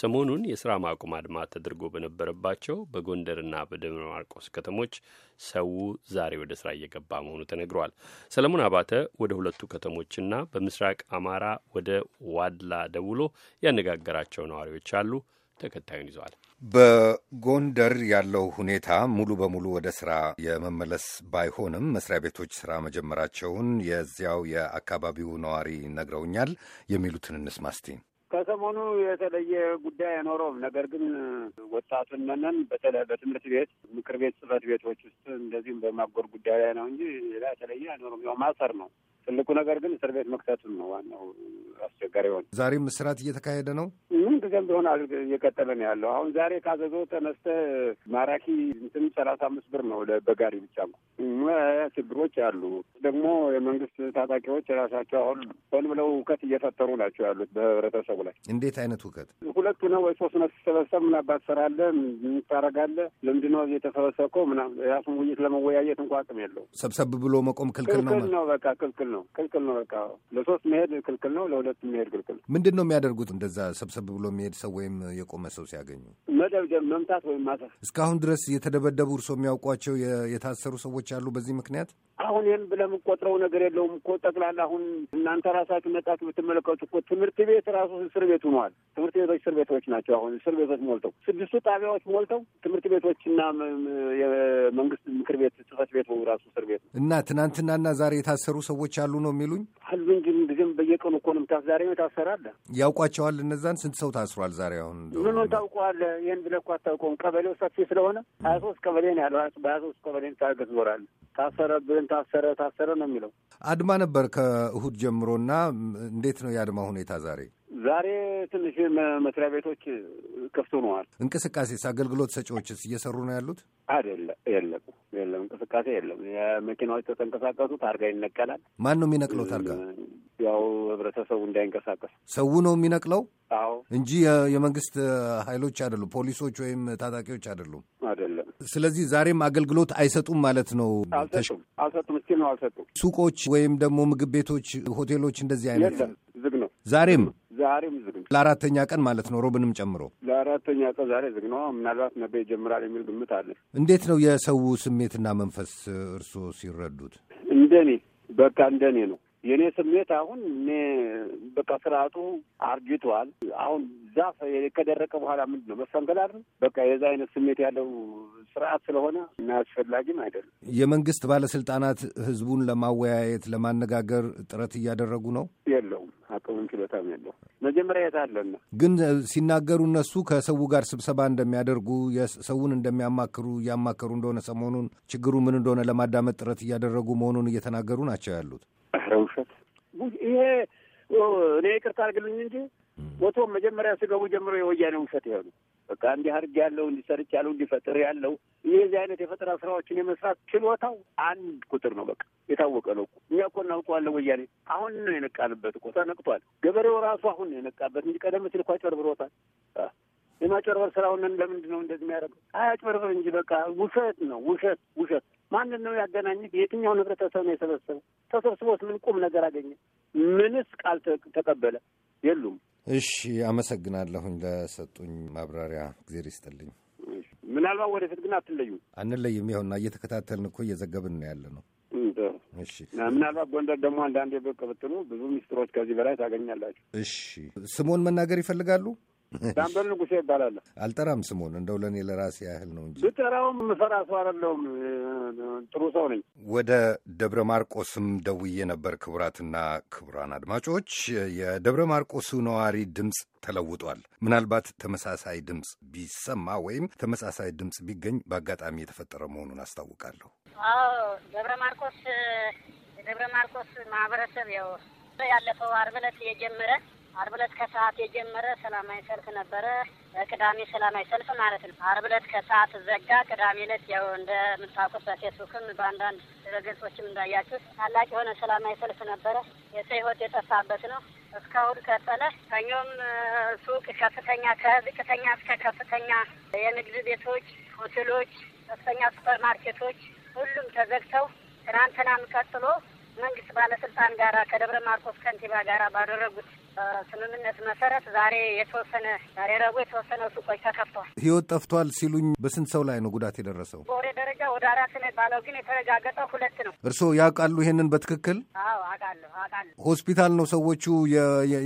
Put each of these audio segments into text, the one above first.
ሰሞኑን የሥራ ማቆም አድማ ተደርጎ በነበረባቸው በጎንደርና በደብረ ማርቆስ ከተሞች ሰው ዛሬ ወደ ሥራ እየገባ መሆኑ ተነግሯል። ሰለሞን አባተ ወደ ሁለቱ ከተሞችና በምስራቅ አማራ ወደ ዋድላ ደውሎ ያነጋገራቸው ነዋሪዎች አሉ። ተከታዩን ይዘዋል። በጎንደር ያለው ሁኔታ ሙሉ በሙሉ ወደ ስራ የመመለስ ባይሆንም መስሪያ ቤቶች ስራ መጀመራቸውን የዚያው የአካባቢው ነዋሪ ነግረውኛል። የሚሉትን እንስማ እስቲ። ከሰሞኑ የተለየ ጉዳይ አይኖረውም። ነገር ግን ወጣቱን መነን በተለይ በትምህርት ቤት ምክር ቤት ጽሕፈት ቤቶች ውስጥ እንደዚሁም በማጎር ጉዳይ ላይ ነው እንጂ ሌላ የተለየ አይኖረውም። ያው ማሰር ነው ትልቁ ነገር ግን እስር ቤት መክተቱን ነው ዋናው አስቸጋሪ የሆነ። ዛሬም እስራት እየተካሄደ ነው። ምን ጊዜም ቢሆን እየቀጠለ ነው ያለው። አሁን ዛሬ ካዘዞ ተነስተ ማራኪ እንትን ሰላሳ አምስት ብር ነው በጋሪ ብቻ ችግሮች አሉ። ደግሞ የመንግስት ታጣቂዎች ራሳቸው አሁን ሆን ብለው እውከት እየፈጠሩ ናቸው ያሉት በህብረተሰቡ ላይ። እንዴት አይነት እውከት? ሁለቱ ነው ወይ ሶስት ነው ሲሰበሰብ ምን አባት ስራለ ምን ታደርጋለህ? ለምንድነው እየተሰበሰብከው ምናምን ያሱን ውይይት ለመወያየት እንኳ አቅም የለው። ሰብሰብ ብሎ መቆም ክልክል ነው። ክልክል ነው በቃ ክልክል ነው፣ ክልክል ነው። በቃ ለሶስት መሄድ ክልክል ነው፣ ለሁለት መሄድ ክልክል ነው። ምንድን ነው የሚያደርጉት? እንደዛ ሰብሰብ ብሎ የሚሄድ ሰው ወይም የቆመ ሰው ሲያገኙ መደብደብ፣ መምታት ወይም ማሰር። እስካሁን ድረስ የተደበደቡ እርሶ የሚያውቋቸው የታሰሩ ሰዎች አሉ በዚህ ምክንያት? አሁን ይህን ብለህ የምቆጥረው ነገር የለውም እኮ ጠቅላላ። አሁን እናንተ ራሳችሁ መጣችሁ ብትመለከቱ እኮ ትምህርት ቤት ራሱ እስር ቤት ሆኗል። ትምህርት ቤቶች እስር ቤቶች ናቸው። አሁን እስር ቤቶች ሞልተው ስድስቱ ጣቢያዎች ሞልተው ትምህርት ቤቶችና የመንግስት ምክር ቤት ጽህፈት ቤት ራሱ እስር ቤት ነው እና ትናንትናና ዛሬ የታሰሩ ሰዎች አሉ ነው የሚሉኝ አሉ እንጂ ግን በየቀኑ እኮ ነው የምታስ ዛሬ ታሰራለ ያውቋቸዋል እነዛን ስንት ሰው ታስሯል ዛሬ አሁን ምኑን ታውቀዋለህ ይህን ብለህ እኮ አታውቀውም ቀበሌው ሰፊ ስለሆነ ሀያ ሶስት ቀበሌ ነው ያለው በሀያ ሶስት ቀበሌ ታርገህ ትዞራለህ ታሰረብን ታሰረ ታሰረ ነው የሚለው አድማ ነበር ከእሁድ ጀምሮና እንዴት ነው የአድማ ሁኔታ ዛሬ ዛሬ ትንሽ መስሪያ ቤቶች ክፍት ሆነዋል። እንቅስቃሴስ አገልግሎት ሰጪዎችስ እየሰሩ ነው ያሉት? አይደለም፣ የለም፣ የለም፣ እንቅስቃሴ የለም። የመኪናዎች ተተንቀሳቀሱ ታርጋ ይነቀላል። ማን ነው የሚነቅለው ታርጋ? ያው ህብረተሰቡ እንዳይንቀሳቀስ ሰው ነው የሚነቅለው። አዎ እንጂ የመንግስት ኃይሎች አይደሉም፣ ፖሊሶች ወይም ታጣቂዎች አይደሉም። አይደለም። ስለዚህ ዛሬም አገልግሎት አይሰጡም ማለት ነው። አልሰጡም፣ አልሰጡም፣ እስኪ ነው አልሰጡም። ሱቆች ወይም ደግሞ ምግብ ቤቶች፣ ሆቴሎች እንደዚህ አይነት ዝግ ነው ዛሬም ዛሬም ዝግ ነው። ለአራተኛ ቀን ማለት ነው፣ ሮብንም ጨምሮ ለአራተኛ ቀን ዛሬ ዝግ ነው። ምናልባት ነገ ይጀምራል የሚል ግምት አለ። እንዴት ነው የሰው ስሜትና መንፈስ እርስዎ ሲረዱት? እንደኔ በቃ እንደኔ ነው የእኔ ስሜት አሁን እኔ በቃ ስርዓቱ አርጅቷል። አሁን ዛፍ ከደረቀ በኋላ ምንድን ነው መሰንገላል። በቃ የዛ አይነት ስሜት ያለው ስርዓት ስለሆነ እና አስፈላጊም አይደለም። የመንግስት ባለስልጣናት ህዝቡን ለማወያየት ለማነጋገር ጥረት እያደረጉ ነው የለውም አቅሙም ችሎታም የለው። መጀመሪያ የት የታለና ግን ሲናገሩ እነሱ ከሰው ጋር ስብሰባ እንደሚያደርጉ ሰውን እንደሚያማክሩ እያማከሩ እንደሆነ ሰሞኑን ችግሩ ምን እንደሆነ ለማዳመጥ ጥረት እያደረጉ መሆኑን እየተናገሩ ናቸው ያሉት። ኧረ ውሸት ይሄ እኔ ይቅርታ አድርግልኝ እንጂ ቦቶም መጀመሪያ ስገቡ ጀምሮ የወያኔ ውሸት ይሆኑ በቃ እንዲህ አድርግ ያለው እንዲሰርች ያለው እንዲፈጥር ያለው የዚህ አይነት የፈጠራ ስራዎችን የመስራት ችሎታው አንድ ቁጥር ነው። በቃ የታወቀ ነው። እኛ እኮ እናውቀዋለን። ወያኔ አሁን ነው የነቃንበት እኮ ተነቅቷል። ገበሬው ራሱ አሁን ነው የነቃበት እንጂ ቀደም ሲል እኮ አጭበርብሮታል። የማጭበርበር ስራውን ለምንድን ነው እንደዚህ የሚያደርገው? አያጭበርበር እንጂ በቃ ውሸት ነው። ውሸት ውሸት ማንን ነው ያገናኝት? የትኛውን ህብረተሰብ ነው የሰበሰበው? ተሰብስቦስ ምን ቁም ነገር አገኘ? ምንስ ቃል ተቀበለ? የሉም። እሺ፣ አመሰግናለሁኝ ለሰጡኝ ማብራሪያ ጊዜ ይስጥልኝ። ምናልባት ወደፊት ግን አትለዩ አንለይም። ይኸውና እየተከታተልን እኮ እየዘገብን ነው ያለ ነው። እሺ ምናልባት ጎንደር ደግሞ አንዳንዴ ብቅ ብትሉ ብዙ ሚስጥሮች ከዚህ በላይ ታገኛላችሁ። እሺ ስሙን መናገር ይፈልጋሉ? ዳንበል ንጉሴ ይባላለሁ። አልጠራም ስሙን እንደው ለእኔ ለራሴ ያህል ነው እንጂ ብጠራውም ምፈራ ሰው አይደለሁም። ጥሩ ሰው ነኝ። ወደ ደብረ ማርቆስም ደውዬ ነበር። ክቡራትና ክቡራን አድማጮች የደብረ ማርቆሱ ነዋሪ ድምፅ ተለውጧል። ምናልባት ተመሳሳይ ድምፅ ቢሰማ ወይም ተመሳሳይ ድምፅ ቢገኝ በአጋጣሚ የተፈጠረ መሆኑን አስታውቃለሁ። ደብረ ማርቆስ የደብረ ማርቆስ ማህበረሰብ ያው ያለፈው ዓርብ ዕለት የጀመረ አርብ ዕለት ከሰዓት የጀመረ ሰላማዊ ሰልፍ ነበረ። ቅዳሜ ሰላማዊ ሰልፍ ማለት ነው። አርብ ዕለት ከሰዓት ዘጋ። ቅዳሜ ዕለት ያው እንደምታውቁት በፌስቡክም በአንዳንድ ድረገጾችም እንዳያችሁት ታላቅ የሆነ ሰላማዊ ሰልፍ ነበረ። የሰው ሕይወት የጠፋበት ነው። እስካሁን ቀጠለ። ሰኞም ሱቅ ከፍተኛ ከዝቅተኛ እስከ ከፍተኛ የንግድ ቤቶች፣ ሆቴሎች፣ ከፍተኛ ሱፐር ማርኬቶች ሁሉም ተዘግተው ትናንትናም ቀጥሎ መንግስት ባለስልጣን ጋራ ከደብረ ማርቆስ ከንቲባ ጋራ ባደረጉት ስምምነት መሰረት ዛሬ የተወሰነ ዛሬ ረቡዕ የተወሰነ ሱቆች ተከፍቷል። ህይወት ጠፍቷል ሲሉኝ በስንት ሰው ላይ ነው ጉዳት የደረሰው? በወሬ ደረጃ ወደ አራት ነው ባለው፣ ግን የተረጋገጠው ሁለት ነው። እርስዎ ያውቃሉ ይሄንን በትክክል? አዎ አውቃለሁ አውቃለሁ። ሆስፒታል ነው ሰዎቹ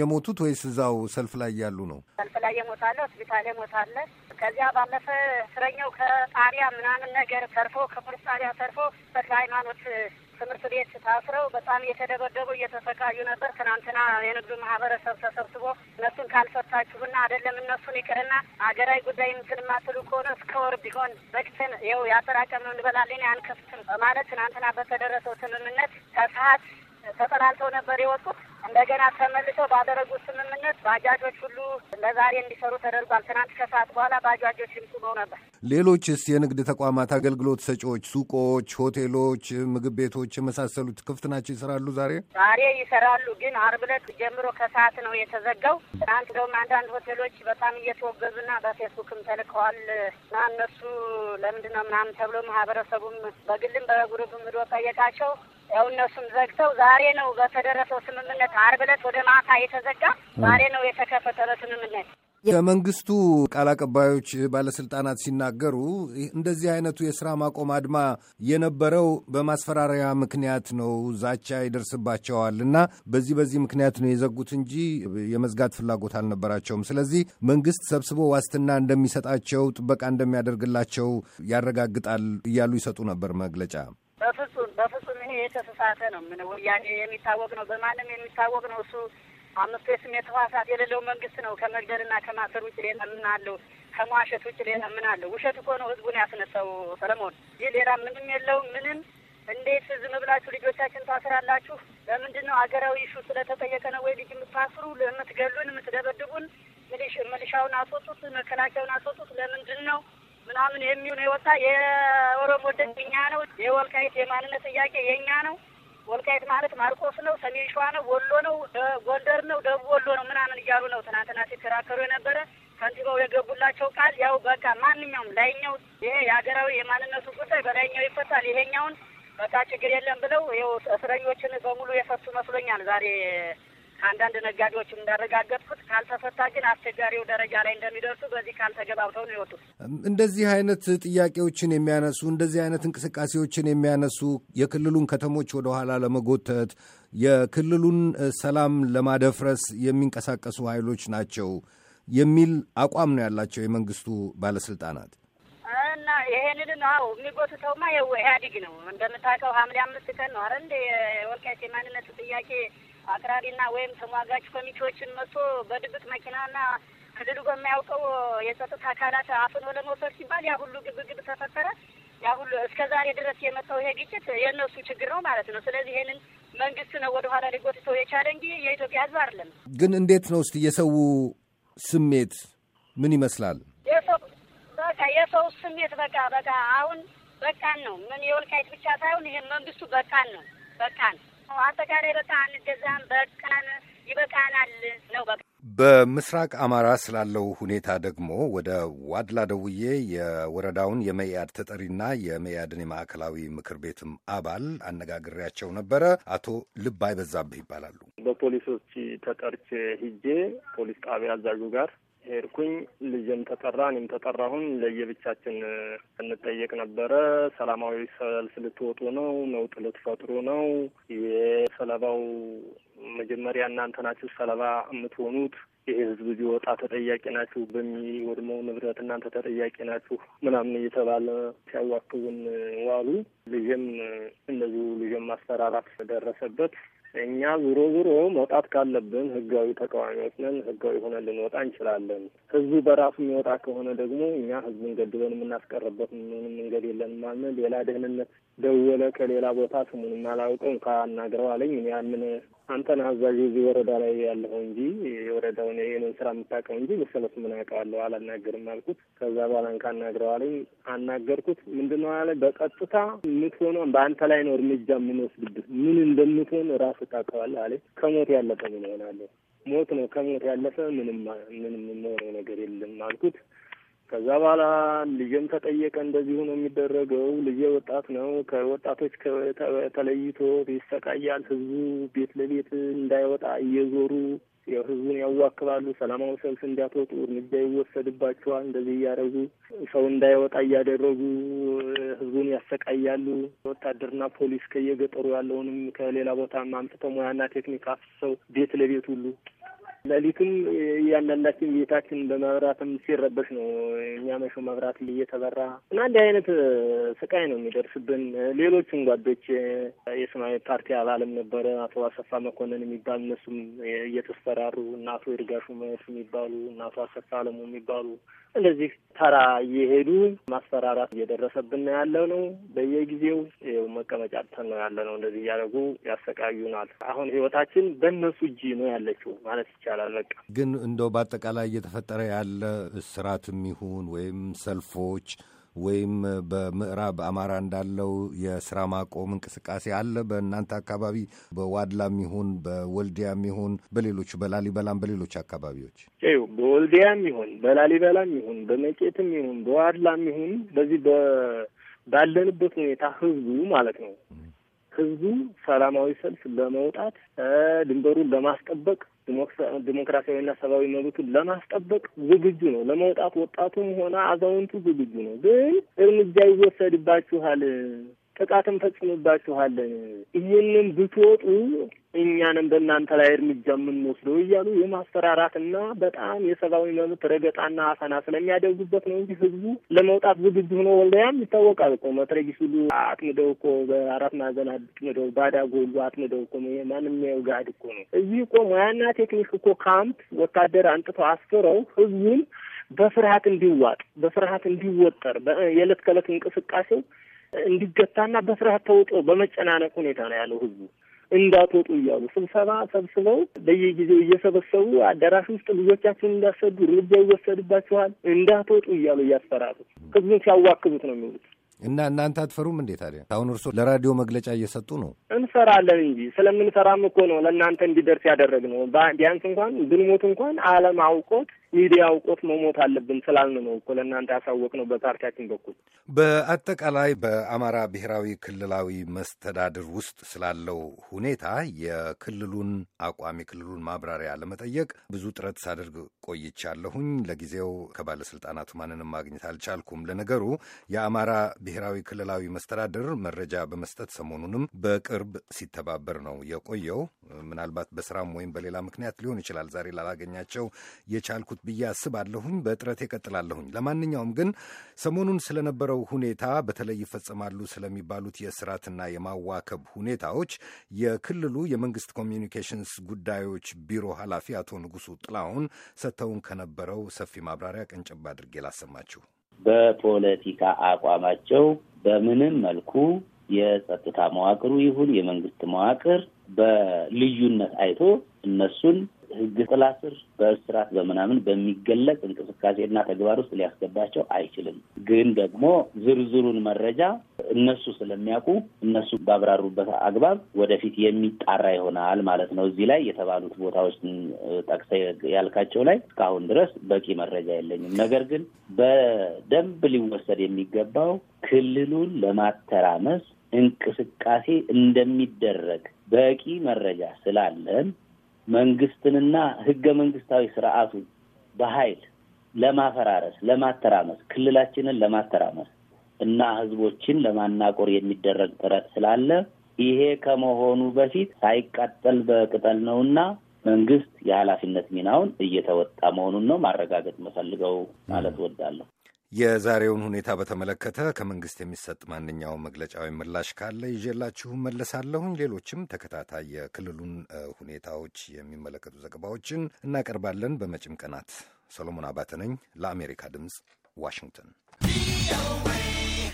የሞቱት ወይስ እዛው ሰልፍ ላይ ያሉ ነው? ሰልፍ ላይ የሞታለ፣ ሆስፒታል የሞታለ። ከዚያ ባለፈ እስረኛው ከጣሪያ ምናምን ነገር ተርፎ ከፖሊስ ጣሪያ ተርፎ ተክለ ሃይማኖት ትምህርት ቤት ታስረው በጣም እየተደበደቡ እየተሰቃዩ ነበር። ትናንትና የንግዱ ማህበረሰብ ተሰብስቦ እነሱን ካልፈታችሁና አይደለም እነሱን ይቅርና አገራዊ ጉዳይ እንትን ማትሉ ከሆነ እስከ ወር ቢሆን በቅትን ይኸው ያጠራቀምነው እንበላለን አንከፍትም በማለት ትናንትና በተደረሰው ስምምነት ከሰዓት ተጠላልተው ነበር የወጡት እንደገና ተመልሰው ባደረጉት ስምምነት ባጃጆች ሁሉ ለዛሬ እንዲሰሩ ተደርጓል። ትናንት ከሰዓት በኋላ ባጃጆችም ነው ነበር። ሌሎችስ የንግድ ተቋማት አገልግሎት ሰጪዎች፣ ሱቆች፣ ሆቴሎች፣ ምግብ ቤቶች የመሳሰሉት ክፍት ናቸው፣ ይሰራሉ። ዛሬ ዛሬ ይሰራሉ፣ ግን አርብ ዕለት ጀምሮ ከሰዓት ነው የተዘጋው። ትናንት እንደውም አንዳንድ ሆቴሎች በጣም እየተወገዙና በፌስቡክም ተልከዋል እና እነሱ ለምንድን ነው ምናምን ተብሎ ማህበረሰቡም በግልም በጉሩብም ሄዶ ጠየቃቸው ያው እነሱም ዘግተው ዛሬ ነው በተደረሰው ስምምነት፣ ዓርብ ዕለት ወደ ማታ የተዘጋ ዛሬ ነው የተከፈተ ስምምነት። የመንግስቱ ቃል አቀባዮች ባለስልጣናት ሲናገሩ እንደዚህ አይነቱ የስራ ማቆም አድማ የነበረው በማስፈራሪያ ምክንያት ነው፣ ዛቻ ይደርስባቸዋል እና በዚህ በዚህ ምክንያት ነው የዘጉት እንጂ የመዝጋት ፍላጎት አልነበራቸውም። ስለዚህ መንግስት ሰብስቦ ዋስትና እንደሚሰጣቸው፣ ጥበቃ እንደሚያደርግላቸው ያረጋግጣል እያሉ ይሰጡ ነበር መግለጫ ይሄ የተሳሳተ ነው። ምን ወያኔ የሚታወቅ ነው፣ በማንም የሚታወቅ ነው። እሱ አምስት የስሜት ህዋሳት የሌለው መንግስት ነው። ከመግደልና ከማሰር ውጭ ሌላ ምን አለው? ከመዋሸት ውጭ ሌላ ምን አለው? ውሸት እኮ ነው ህዝቡን ያስነሳው ሰለሞን። ይህ ሌላ ምንም የለው ምንም። እንዴት ዝም ብላችሁ ልጆቻችን ታስራላችሁ? ለምንድን ነው? ሀገራዊ ሹ ስለተጠየቀ ነው ወይ ልጅ የምታስሩ? ለምትገሉን የምትደበድቡን፣ ምልሻውን አስወጡት፣ መከላከያውን አስወጡት። ለምንድን ነው? ምናምን የሚሆነ የወጣ የኦሮሞ ደግ እኛ ነው። የወልቃይት የማንነት ጥያቄ የእኛ ነው። ወልቃይት ማለት ማርቆስ ነው፣ ሰሜን ሸዋ ነው፣ ወሎ ነው፣ ጎንደር ነው፣ ደቡብ ወሎ ነው ምናምን እያሉ ነው ትናንትና ሲከራከሩ የነበረ። ከንቲባው የገቡላቸው ቃል ያው በቃ ማንኛውም ላይኛው ይሄ የሀገራዊ የማንነቱ ጉዳይ በላይኛው ይፈታል፣ ይሄኛውን በቃ ችግር የለም ብለው ይኸው እስረኞችን በሙሉ የፈቱ መስሎኛል ዛሬ አንዳንድ ነጋዴዎች እንዳረጋገጥኩት ካልተፈታ ግን አስቸጋሪው ደረጃ ላይ እንደሚደርሱ በዚህ ካልተገባብተው ነው የወጡት። እንደዚህ አይነት ጥያቄዎችን የሚያነሱ እንደዚህ አይነት እንቅስቃሴዎችን የሚያነሱ የክልሉን ከተሞች ወደኋላ ለመጎተት የክልሉን ሰላም ለማደፍረስ የሚንቀሳቀሱ ኃይሎች ናቸው የሚል አቋም ነው ያላቸው የመንግስቱ ባለስልጣናት እና ይሄንን አዎ የሚጎትተውማ ይኸው ነው እንደምታውቀው ሐምሌ አምስት ቀን ነው አረ እንደ የወልቃይት ጥያቄ አቅራሪና ወይም ተሟጋች ኮሚቴዎችን መጥቶ በድብቅ መኪናና ክልሉ በማያውቀው የጸጥታ አካላት አፍኖ ለመውሰድ ሲባል ያ ሁሉ ግብግብ ተፈጠረ። ያ ሁሉ እስከ ዛሬ ድረስ የመጣው ይሄ ግጭት የእነሱ ችግር ነው ማለት ነው። ስለዚህ ይሄንን መንግስት ነው ወደኋላ ሊጎትተው የቻለ እንጂ የኢትዮጵያ ሕዝብ አይደለም። ግን እንዴት ነው እስቲ የሰው ስሜት ምን ይመስላል? በቃ የሰው ስሜት በቃ በቃ አሁን በቃን ነው ምን የወልቃይት ብቻ ሳይሆን ይህም መንግስቱ በቃን ነው በቃን አጠቃላይ በቃ አንገዛም፣ በቃን፣ ይበቃናል ነው በቃ። በምስራቅ አማራ ስላለው ሁኔታ ደግሞ ወደ ዋድላ ደውዬ የወረዳውን የመኢአድ ተጠሪና የመኢአድን የማዕከላዊ ምክር ቤትም አባል አነጋግሬያቸው ነበረ። አቶ ልብ አይበዛብህ ይባላሉ። በፖሊሶች ተጠርቼ ሂጄ ፖሊስ ጣቢያ አዛዡ ጋር ሄድኩኝ። ልጅም ተጠራ፣ እኔም ተጠራሁን። ለየብቻችን እንጠየቅ ነበረ። ሰላማዊ ሰልፍ ልትወጡ ነው? ነውጥ ልትፈጥሩ ነው? የሰለባው መጀመሪያ እናንተ ናችሁ ሰለባ የምትሆኑት ይሄ ህዝብ ቢወጣ ተጠያቂ ናችሁ፣ በሚወድመው ንብረት እናንተ ተጠያቂ ናችሁ ምናምን እየተባለ ሲያዋክቡን ዋሉ። ልጅም እንደዚሁ ልጅም ማስፈራራት ደረሰበት። እኛ ዞሮ ዞሮ መውጣት ካለብን ህጋዊ ተቃዋሚዎች ነን። ህጋዊ ሆነን ልንወጣ እንችላለን። ህዝቡ በራሱ የሚወጣ ከሆነ ደግሞ እኛ ህዝቡን ገድበን የምናስቀርበት ምንም መንገድ የለን። ማለ ሌላ ደህንነት ደወለ ከሌላ ቦታ ስሙን አላውቀው እንኳ አለኝ። እኔ ያንን አንተን አዛዥ እዚህ ወረዳ ላይ ያለው እንጂ የወረዳውን ይህንን ስራ የምታውቀው እንጂ መሰለት ምን አውቀዋለሁ አላናገርም አልኩት። ከዛ በኋላ እንካ አናግረው አለኝ። አናገርኩት። ምንድነው ያለ በቀጥታ የምትሆነው በአንተ ላይ ነው እርምጃ የምንወስድብህ ምን እንደምትሆን ራሱ ትታከዋለህ አለ ከሞት ያለፈ ምን እሆናለሁ? ሞት ነው። ከሞት ያለፈ ምንም ምንም የምሆነው ነገር የለም አልኩት። ከዛ በኋላ ልጅም ተጠየቀ። እንደዚሁ ነው የሚደረገው። ልጄ ወጣት ነው። ከወጣቶች ተለይቶ ይሰቃያል። ህዝቡ ቤት ለቤት እንዳይወጣ እየዞሩ ህዝቡን ያዋክባሉ። ሰላማዊ ሰልፍ እንዲያትወጡ እርምጃ ይወሰድባቸዋል። እንደዚህ እያደረጉ ሰው እንዳይወጣ እያደረጉ ህዝቡን ያሰቃያሉ። ወታደርና ፖሊስ ከየገጠሩ ያለውንም ከሌላ ቦታ አምጥተው ሙያና ቴክኒክ አፍሰው ቤት ለቤት ሁሉ ሌሊቱም እያንዳንዳችን ቤታችን በመብራትም ሲረበሽ ነው የሚያመሸው። መብራት እየተበራ እና እንዲህ አይነት ስቃይ ነው የሚደርስብን። ሌሎችም ጓዶች የሰማያዊ ፓርቲ አባልም ነበረ አቶ አሰፋ መኮንን የሚባል እነሱም እየተስፈራሩ እና አቶ ይርጋሹ መት የሚባሉ እና አቶ አሰፋ አለሙ የሚባሉ እንደዚህ ተራ እየሄዱ ማስፈራራት እየደረሰብን ነው ያለ ነው። በየጊዜው ይኸው መቀመጫ አጥተን ነው ያለ ነው። እንደዚህ እያደረጉ ያሰቃዩናል። አሁን ህይወታችን በእነሱ እጅ ነው ያለችው ማለት ይቻላል። ይቻላል። በቃ ግን እንደው በአጠቃላይ እየተፈጠረ ያለ እስራትም ይሁን ወይም ሰልፎች ወይም በምዕራብ አማራ እንዳለው የስራ ማቆም እንቅስቃሴ አለ? በእናንተ አካባቢ በዋድላም ይሁን በወልዲያም ይሁን በሌሎች በላሊበላም በሌሎች አካባቢዎች ይኸው በወልዲያም ይሁን በላሊበላም ይሁን በመቄትም ይሁን በዋድላም ይሁን በዚህ ባለንበት ሁኔታ ህዝቡ ማለት ነው ህዝቡ ሰላማዊ ሰልፍ ለመውጣት ድንበሩን ለማስጠበቅ ዲሞክራሲያዊና ሰብአዊ መብቱን ለማስጠበቅ ዝግጁ ነው። ለመውጣት ወጣቱም ሆነ አዛውንቱ ዝግጁ ነው። ግን እርምጃ ይወሰድባችኋል ጥቃትም ፈጽምባችኋል፣ ይህንን ብትወጡ እኛንም በእናንተ ላይ እርምጃ የምንወስደው እያሉ የማስፈራራትና በጣም የሰብአዊ መብት ረገጣና አፈና ስለሚያደርጉበት ነው እንጂ ህዝቡ ለመውጣት ዝግጁ ሆኖ ወልዳያም ይታወቃል እኮ መትረጊስ ሁሉ አጥምደው እኮ በአራት ማዕዘን አጥምደው ባዳጎ ሁሉ አጥምደው እኮ ማንም ያውጋድ እኮ ነው። እዚህ እኮ ሙያና ቴክኒክ እኮ ካምፕ ወታደር አንጥተው አስፍረው ህዝቡን በፍርሀት እንዲዋጥ በፍርሀት እንዲወጠር የዕለት ከዕለት እንቅስቃሴው እንዲገታና በፍርሃት ተውጦ በመጨናነቅ ሁኔታ ነው ያለው ህዝቡ እንዳትወጡ እያሉ ስብሰባ ሰብስበው በየጊዜው እየሰበሰቡ አዳራሽ ውስጥ ልጆቻችሁን እንዳሰዱ እርምጃ ይወሰድባችኋል፣ እንዳትወጡ እያሉ እያስፈራሩ ህዝቡን ሲያዋክቡት ነው የሚሉት እና እናንተ አትፈሩም እንዴ ታዲያ? አሁን እርስዎ ለራዲዮ መግለጫ እየሰጡ ነው። እንፈራለን እንጂ ስለምንፈራም እኮ ነው ለእናንተ እንዲደርስ ያደረግ ነው ቢያንስ እንኳን ብንሞት እንኳን አለም አውቆት ሚዲያ አውቆት መሞት አለብን ስላልን ነው እኮ ለእናንተ ያሳወቅ ነው በፓርቲያችን በኩል። በአጠቃላይ በአማራ ብሔራዊ ክልላዊ መስተዳድር ውስጥ ስላለው ሁኔታ የክልሉን አቋም የክልሉን ማብራሪያ ለመጠየቅ ብዙ ጥረት ሳደርግ ቆይቻለሁኝ። ለጊዜው ከባለስልጣናቱ ማንንም ማግኘት አልቻልኩም። ለነገሩ የአማራ ብሔራዊ ክልላዊ መስተዳድር መረጃ በመስጠት ሰሞኑንም በቅርብ ሲተባበር ነው የቆየው። ምናልባት በስራም ወይም በሌላ ምክንያት ሊሆን ይችላል ዛሬ ላላገኛቸው የቻልኩት አለበት ብዬ አስባለሁም። በጥረት የቀጥላለሁኝ። ለማንኛውም ግን ሰሞኑን ስለነበረው ሁኔታ በተለይ ይፈጸማሉ ስለሚባሉት የስራትና የማዋከብ ሁኔታዎች የክልሉ የመንግስት ኮሚዩኒኬሽንስ ጉዳዮች ቢሮ ኃላፊ አቶ ንጉሱ ጥላሁን ሰጥተውን ከነበረው ሰፊ ማብራሪያ ቀንጨብ አድርጌ ላሰማችሁ። በፖለቲካ አቋማቸው በምንም መልኩ የጸጥታ መዋቅሩ ይሁን የመንግስት መዋቅር በልዩነት አይቶ እነሱን ህግ ጥላ ስር በእስራት በምናምን በሚገለጽ እንቅስቃሴና ተግባር ውስጥ ሊያስገባቸው አይችልም። ግን ደግሞ ዝርዝሩን መረጃ እነሱ ስለሚያውቁ እነሱ ባብራሩበት አግባብ ወደፊት የሚጣራ ይሆናል ማለት ነው። እዚህ ላይ የተባሉት ቦታዎች ጠቅሰ ያልካቸው ላይ እስካሁን ድረስ በቂ መረጃ የለኝም። ነገር ግን በደንብ ሊወሰድ የሚገባው ክልሉን ለማተራመስ እንቅስቃሴ እንደሚደረግ በቂ መረጃ ስላለን መንግስትንና ህገ መንግስታዊ ስርዓቱን በኃይል ለማፈራረስ፣ ለማተራመስ፣ ክልላችንን ለማተራመስ እና ህዝቦችን ለማናቆር የሚደረግ ጥረት ስላለ ይሄ ከመሆኑ በፊት ሳይቃጠል በቅጠል ነውና መንግስት የኃላፊነት ሚናውን እየተወጣ መሆኑን ነው ማረጋገጥ መፈልገው ማለት ወዳለሁ። የዛሬውን ሁኔታ በተመለከተ ከመንግስት የሚሰጥ ማንኛውም መግለጫዊ ምላሽ ካለ ይዤላችሁ መለሳለሁኝ። ሌሎችም ተከታታይ የክልሉን ሁኔታዎች የሚመለከቱ ዘገባዎችን እናቀርባለን በመጭም ቀናት። ሰሎሞን አባተ ነኝ ለአሜሪካ ድምፅ ዋሽንግተን።